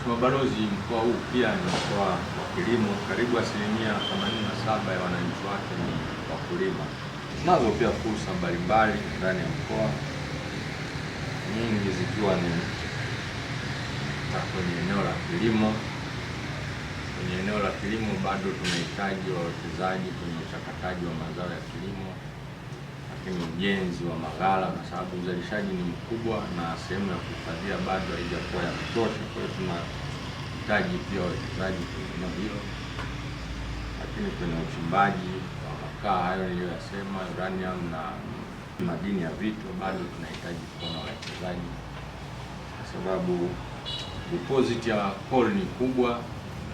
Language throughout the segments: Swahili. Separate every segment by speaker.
Speaker 1: Mheshimiwa Balozi, mkoa huu pia ni mkoa wa kilimo, karibu asilimia 87 ya wananchi wake ni wakulima. Nazo pia fursa mbalimbali ndani ya mkoa, nyingi zikiwa ni kwenye eneo la kilimo. Kwenye eneo la kilimo bado tunahitaji wawekezaji kwenye uchakataji wa mazao ya kilimo lakini ujenzi wa maghala, kwa sababu uzalishaji ni mkubwa na sehemu ya kuhifadhia bado haijakuwa ya kutosha. Kwa hiyo tunahitaji pia wawekezaji kwenye eneo hilo, lakini kwenye uchimbaji wa makaa hayo niliyoyasema, uranium na madini ya vitu, bado tunahitaji kuona wawekezaji kwa sababu deposit ya coal ni kubwa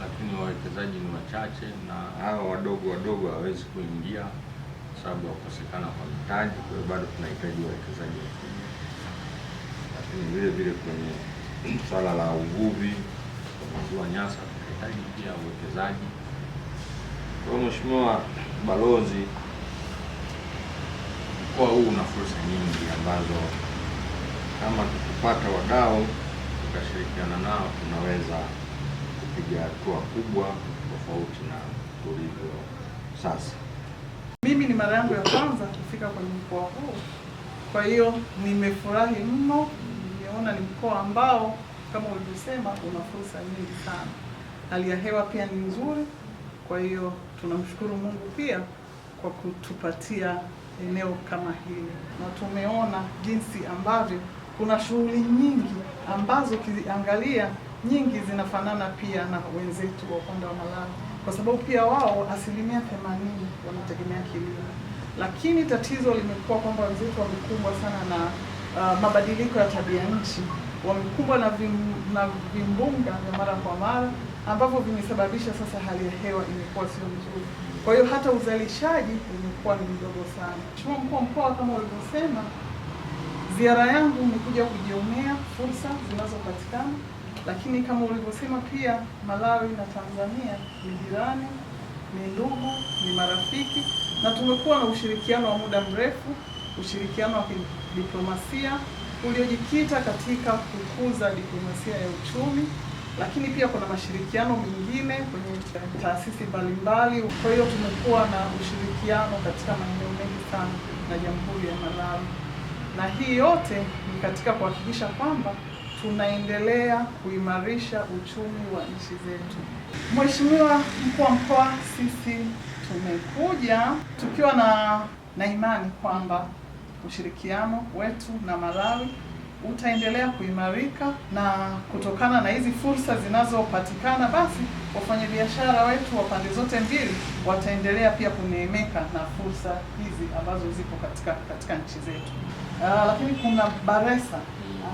Speaker 1: lakini wawekezaji ni wachache na hawa wadogo wadogo hawawezi kuingia sababu ya kukosekana kwa mtaji. Kwa hiyo bado tunahitaji wawekezaji wakubwa, lakini vile vile kwenye swala la uvuvi kwa ziwa Nyasa tunahitaji pia uwekezaji. Kwa hiyo Mheshimiwa Balozi, mkoa huu una fursa nyingi ambazo kama tukipata wadau tukashirikiana nao tunaweza kupiga hatua kubwa tofauti na tulivyo sasa.
Speaker 2: Mimi ni mara yangu ya kwanza kufika kwenye mkoa huu, kwa hiyo nimefurahi mno. Nimeona ni mkoa ambao kama ulivyosema una fursa nyingi sana, hali ya hewa pia ni nzuri. Kwa hiyo tunamshukuru Mungu pia kwa kutupatia eneo kama hili, na tumeona jinsi ambavyo kuna shughuli nyingi ambazo ukiangalia nyingi zinafanana pia na wenzetu wa ukanda wa Malawi kwa sababu pia wao asilimia themanini wanategemea kilimo, lakini tatizo limekuwa kwamba wenzetu wamekumbwa sana na uh, mabadiliko ya tabia nchi, wamekumbwa na, vim, na vimbunga vya mara kwa mara ambavyo vimesababisha sasa hali ya hewa imekuwa sio nzuri, kwa hiyo hata uzalishaji umekuwa ni mdogo sana. Mheshimiwa Mkuu wa Mkoa, kama ulivyosema, ziara yangu imekuja kujionea fursa zinazopatikana lakini kama ulivyosema pia Malawi na Tanzania ni jirani, ni ndugu, ni marafiki na tumekuwa na ushirikiano wa muda mrefu, ushirikiano wa kidiplomasia uliojikita katika kukuza diplomasia ya uchumi, lakini pia kuna mashirikiano mengine kwenye taasisi mbalimbali. Kwa hiyo tumekuwa na ushirikiano katika maeneo mengi sana na Jamhuri ya Malawi, na hii yote ni katika kuhakikisha kwamba tunaendelea kuimarisha uchumi wa nchi zetu. Mheshimiwa Mkuu wa Mkoa, sisi tumekuja tukiwa na na imani kwamba ushirikiano wetu na Malawi utaendelea kuimarika, na kutokana na hizi fursa zinazopatikana, basi wafanyabiashara wetu wa pande zote mbili wataendelea pia kuneemeka na fursa hizi ambazo zipo katika katika nchi zetu. Uh, lakini kuna Baresa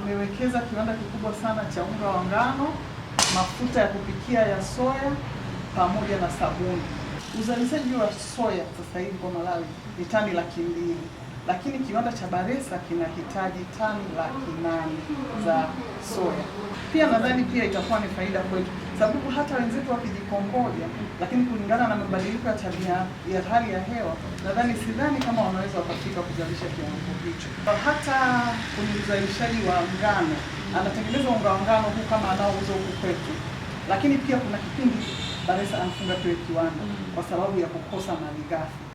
Speaker 2: amewekeza kiwanda kikubwa sana cha unga wa ngano, mafuta ya kupikia ya soya pamoja na sabuni. Uzalishaji wa soya sasa hivi kwa Malawi ni tani laki mbili lakini kiwanda cha Baresa kinahitaji tani laki nane za soya. Pia nadhani pia itakuwa ni faida kwetu, sababu hata wenzetu wakijikongoja, lakini kulingana na mabadiliko ya tabia ya hali ya hewa, nadhani sidhani kama wanaweza wakafika kuzalisha kiwango hicho. Hata kwenye uzalishaji wa ngano, anatengeneza unga wa ngano huu kama anaouza huku kwetu, lakini pia kuna kipindi Baresa anafunga kile kiwanda kwa sababu ya kukosa malighafi.